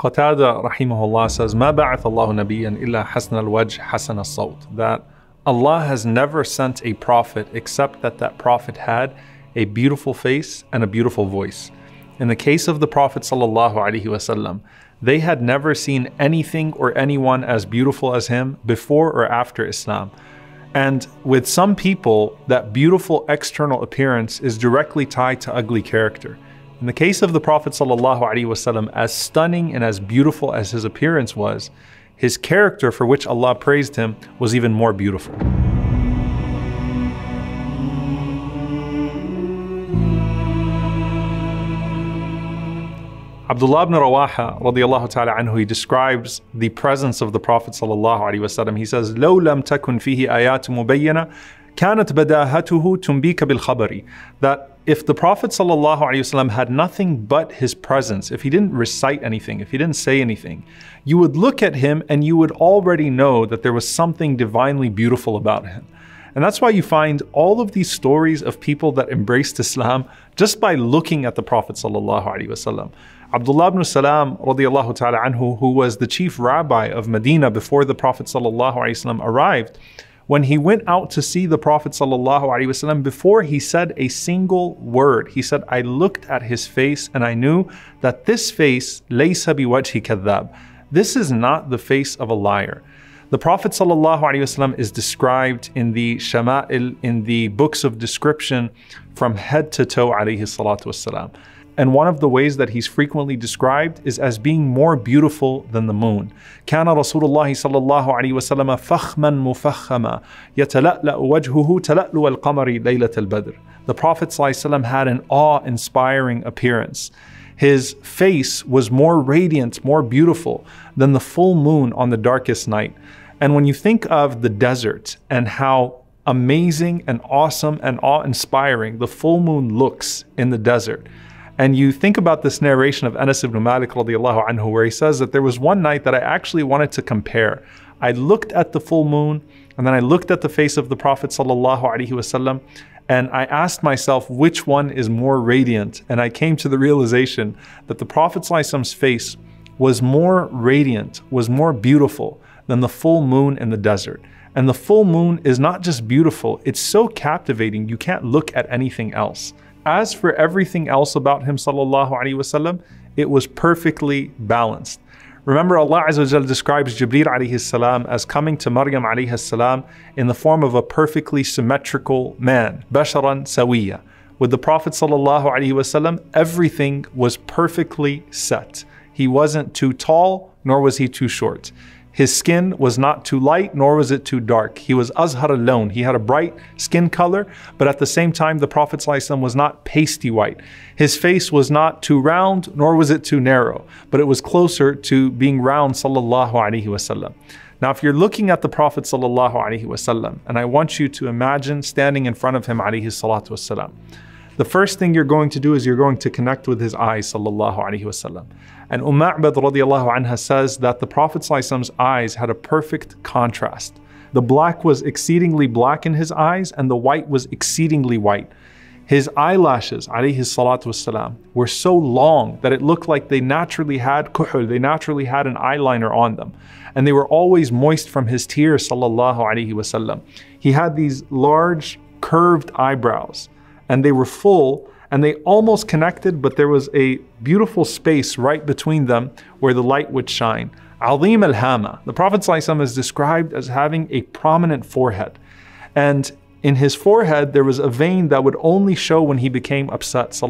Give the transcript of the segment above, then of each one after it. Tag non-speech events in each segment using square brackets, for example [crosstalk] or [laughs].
Qatada rahimahullah says, "Ma ba'ath Allahu nabiyyan illa hasan al-wajh hasan al-sawt." That Allah has never sent a prophet except that that prophet had a beautiful face and a beautiful voice. In the case of the Prophet sallallahu alaihi wasallam, they had never seen anything or anyone as beautiful as him before or after Islam. And with some people, that beautiful external appearance is directly tied to ugly character. In the case of the Prophet ﷺ, as stunning and as beautiful as his appearance was, his character for which Allah praised him was even more beautiful. Abdullah ibn Rawaha radiallahu ta'ala anhu, he describes the presence of the Prophet sallallahu alaihi wasallam. He says, لو لم تكن فيه آيات مبينة كانت بداهته تنبيك بالخبر. That if the Prophet ﷺ had nothing but his presence, if he didn't recite anything, if he didn't say anything, you would look at him and you would already know that there was something divinely beautiful about him. And that's why you find all of these stories of people that embraced Islam just by looking at the Prophet ﷺ. Abdullah ibn Salam radiallahu ta'ala anhu, who was the chief rabbi of Medina before the Prophet ﷺ arrived, when he went out to see the Prophet ﷺ, before he said a single word, he said, I looked at his face and I knew that this face, laysa biwajhi kadhab, this is not the face of a liar. The Prophet ﷺ is described in the Shama'il, in the books of description, from head to toe, alayhi salatu wasalam and one of the ways that he's frequently described is as being more beautiful than the moon. كان رسول الله صلى الله عليه وسلم فخما مفخما يتلألأ وجهه تلألؤ القمر ليلة البدر. The Prophet ﷺ had an awe-inspiring appearance. His face was more radiant, more beautiful than the full moon on the darkest night. And when you think of the desert and how amazing and awesome and awe-inspiring the full moon looks in the desert, and you think about this narration of Anas ibn Malik radiallahu anhu, where he says that there was one night that I actually wanted to compare. I looked at the full moon, and then I looked at the face of the Prophet sallallahu alaihi wasallam, and I asked myself which one is more radiant, and I came to the realization that the Prophet sallallahu face was more radiant, was more beautiful than the full moon in the desert. And the full moon is not just beautiful, it's so captivating you can't look at anything else. As for everything else about him, sallallahu it was perfectly balanced. Remember, Allah Azza describes Jibreel as coming to Maryam alayhi in the form of a perfectly symmetrical man, basharan sawiya. With the Prophet sallallahu everything was perfectly set. He wasn't too tall, nor was he too short. His skin was not too light, nor was it too dark. He was azhar alone. He had a bright skin color, but at the same time, the Prophet ﷺ was not pasty white. His face was not too round, nor was it too narrow, but it was closer to being round, sallallahu alaihi wasallam. Now, if you're looking at the Prophet sallallahu alaihi wasallam, and I want you to imagine standing in front of him, alaihi salatu wasallam, the first thing you're going to do is you're going to connect with his eyes, sallallahu alaihi wasallam. And Umm A'bad radiallahu anha says that the Prophet Prophet's eyes had a perfect contrast. The black was exceedingly black in his eyes, and the white was exceedingly white. His eyelashes, alayhi salatu wasalam, were so long that it looked like they naturally had kuhul, they naturally had an eyeliner on them. And they were always moist from his tears, sallallahu alayhi wasallam. He had these large curved eyebrows and they were full and they almost connected, but there was a beautiful space right between them where the light would shine. Alim al Hama, the Prophet is described as having a prominent forehead. And in his forehead, there was a vein that would only show when he became upset.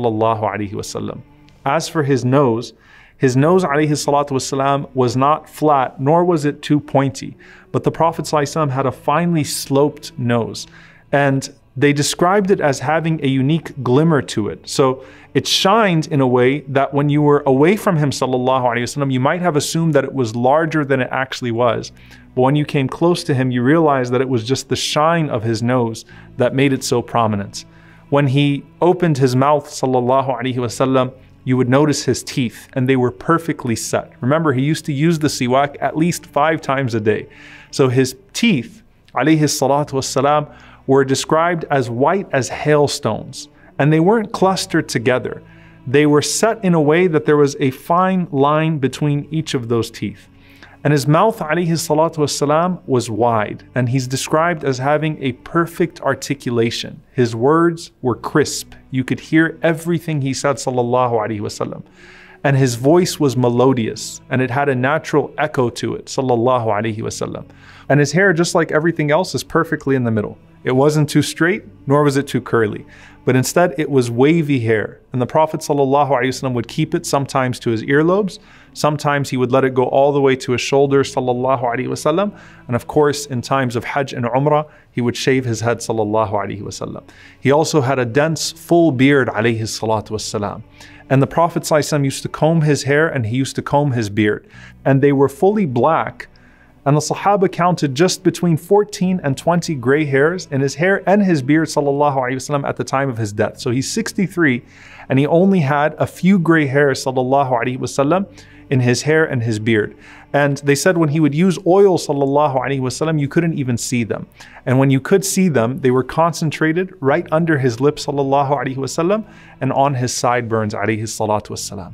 As for his nose, his nose والسلام, was not flat, nor was it too pointy, but the Prophet ﷺ had a finely sloped nose. And they described it as having a unique glimmer to it. So it shined in a way that when you were away from him, sallallahu alaihi wasallam, you might have assumed that it was larger than it actually was. But when you came close to him, you realized that it was just the shine of his nose that made it so prominent. When he opened his mouth, sallallahu alaihi wasallam, you would notice his teeth and they were perfectly set. Remember, he used to use the siwak at least five times a day. So his teeth, alayhi salatu wasalam, were described as white as hailstones, and they weren't clustered together. They were set in a way that there was a fine line between each of those teeth. And his mouth, alayhi salatu wasalam, was wide, and he's described as having a perfect articulation. His words were crisp. You could hear everything he said, sallallahu alayhi wasallam. And his voice was melodious, and it had a natural echo to it, sallallahu alayhi wasallam. And his hair, just like everything else, is perfectly in the middle. It wasn't too straight, nor was it too curly, but instead it was wavy hair. And the Prophet ﷺ would keep it sometimes to his earlobes, sometimes he would let it go all the way to his shoulders. وسلم, and of course, in times of Hajj and Umrah, he would shave his head. wasallam. He also had a dense, full beard. wasallam. and the Prophet ﷺ used to comb his hair and he used to comb his beard. And they were fully black and the Sahaba counted just between 14 and 20 gray hairs in his hair and his beard, sallallahu wasallam, at the time of his death. So he's 63 and he only had a few gray hairs, sallallahu wasallam, in his hair and his beard. And they said when he would use oil, sallallahu wasallam, you couldn't even see them. And when you could see them, they were concentrated right under his lips, sallallahu wasallam, and on his sideburns, alayhi salatu wasallam.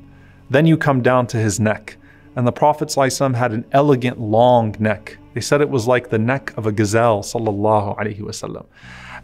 Then you come down to his neck and the Prophet ﷺ had an elegant long neck. They said it was like the neck of a gazelle, sallallahu alaihi wasallam.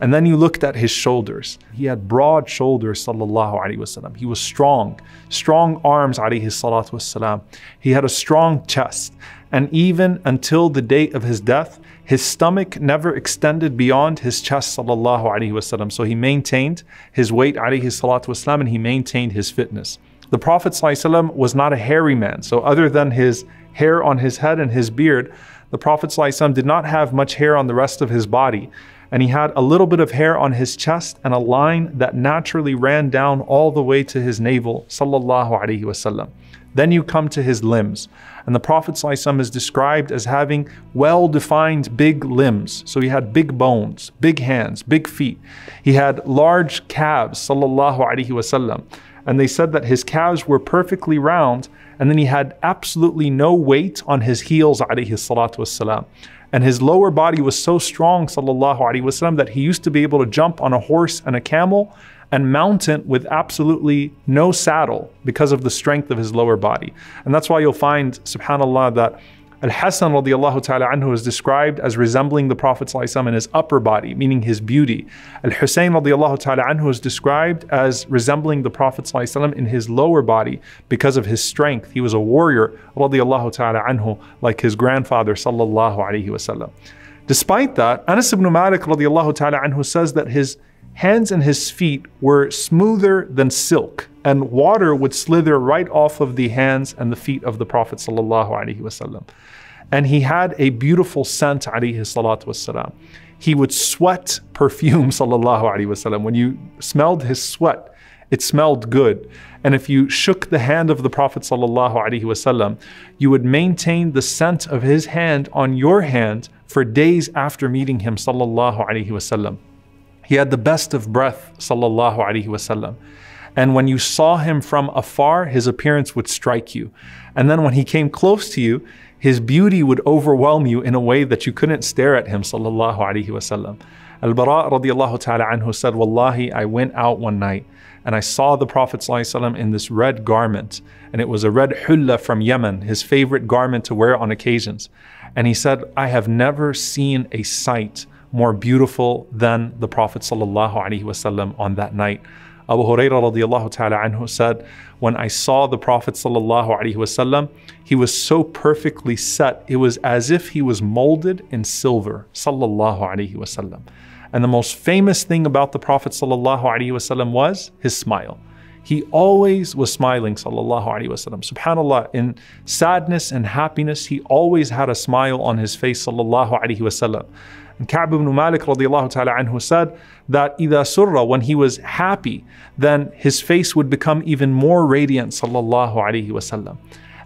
And then you looked at his shoulders. He had broad shoulders, sallallahu alaihi wasallam. He was strong, strong arms, alaihi salatu wasallam. He had a strong chest. And even until the date of his death, his stomach never extended beyond his chest, sallallahu alaihi wasallam. So he maintained his weight, alaihi salatu wasallam, and he maintained his fitness. The Prophet ﷺ was not a hairy man. So, other than his hair on his head and his beard, the Prophet ﷺ did not have much hair on the rest of his body. And he had a little bit of hair on his chest and a line that naturally ran down all the way to his navel. Then you come to his limbs. And the Prophet ﷺ is described as having well defined big limbs. So he had big bones, big hands, big feet. He had large calves. Sallallahu Wasallam and they said that his calves were perfectly round and then he had absolutely no weight on his heels alayhi salatu wasalam. And his lower body was so strong sallallahu that he used to be able to jump on a horse and a camel and mount it with absolutely no saddle because of the strength of his lower body. And that's why you'll find subhanallah that Al Hassan radiallahu ta'ala anhu is described as resembling the Prophet in his upper body, meaning his beauty. Al Hussein radiallahu ta'ala anhu is described as resembling the Prophet in his lower body because of his strength. He was a warrior radiallahu ta'ala anhu, like his grandfather sallallahu alayhi wasallam. Despite that, Anas ibn Malik radiallahu ta'ala anhu says that his hands and his feet were smoother than silk and water would slither right off of the hands and the feet of the Prophet And he had a beautiful scent alayhi salatu wasalam. He would sweat perfume [laughs] sallallahu When you smelled his sweat, it smelled good. And if you shook the hand of the Prophet sallallahu you would maintain the scent of his hand on your hand for days after meeting him sallallahu He had the best of breath sallallahu and when you saw him from afar, his appearance would strike you. And then when he came close to you, his beauty would overwhelm you in a way that you couldn't stare at him. Sallallahu alaihi wasallam. Al-Bara radiallahu ta'ala anhu said, Wallahi, I went out one night and I saw the Prophet in this red garment, and it was a red hulla from Yemen, his favorite garment to wear on occasions. And he said, I have never seen a sight more beautiful than the Prophet on that night. Abu Hurairah radiallahu ta'ala anhu said, When I saw the Prophet sallallahu wasallam, he was so perfectly set, it was as if he was molded in silver, sallallahu wasallam. And the most famous thing about the Prophet sallallahu wasallam was his smile. He always was smiling, sallallahu alaihi wasallam. Subhanallah, in sadness and happiness, he always had a smile on his face, sallallahu alaihi wasallam. And Ka'b ibn Malik radiallahu ta'ala anhu said that إِذَا surra, when he was happy, then his face would become even more radiant, sallallahu alaihi wasallam.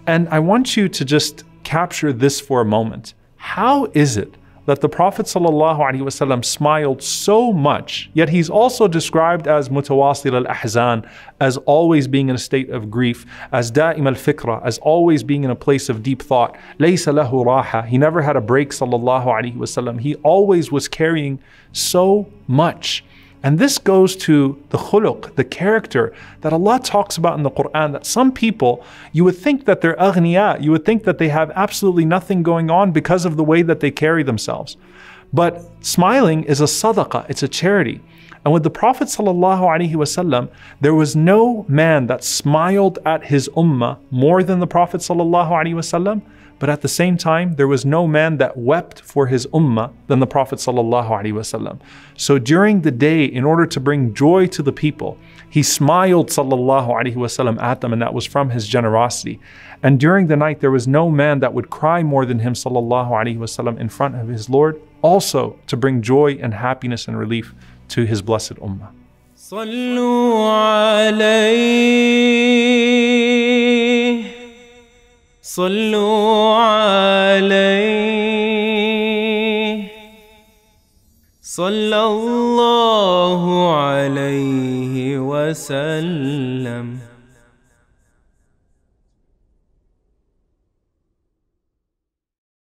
And I want you to just capture this for a moment. How is it that the Prophet ﷺ smiled so much, yet he's also described as mutawasil al ahzan, as always being in a state of grief, as da'im al fikra, as always being in a place of deep thought. Laysa lahu raha. He never had a break, ﷺ He always was carrying so much. And this goes to the khuluq, the character that Allah talks about in the Quran. That some people, you would think that they're aghniya, you would think that they have absolutely nothing going on because of the way that they carry themselves. But smiling is a sadaqah, it's a charity. And with the Prophet ﷺ, there was no man that smiled at his ummah more than the Prophet ﷺ but at the same time, there was no man that wept for his ummah than the Prophet ﷺ. So during the day, in order to bring joy to the people, he smiled ﷺ at them, and that was from his generosity. And during the night, there was no man that would cry more than him ﷺ in front of his Lord, also to bring joy and happiness and relief to his blessed ummah. صلوا عليه صلى الله عليه وسلم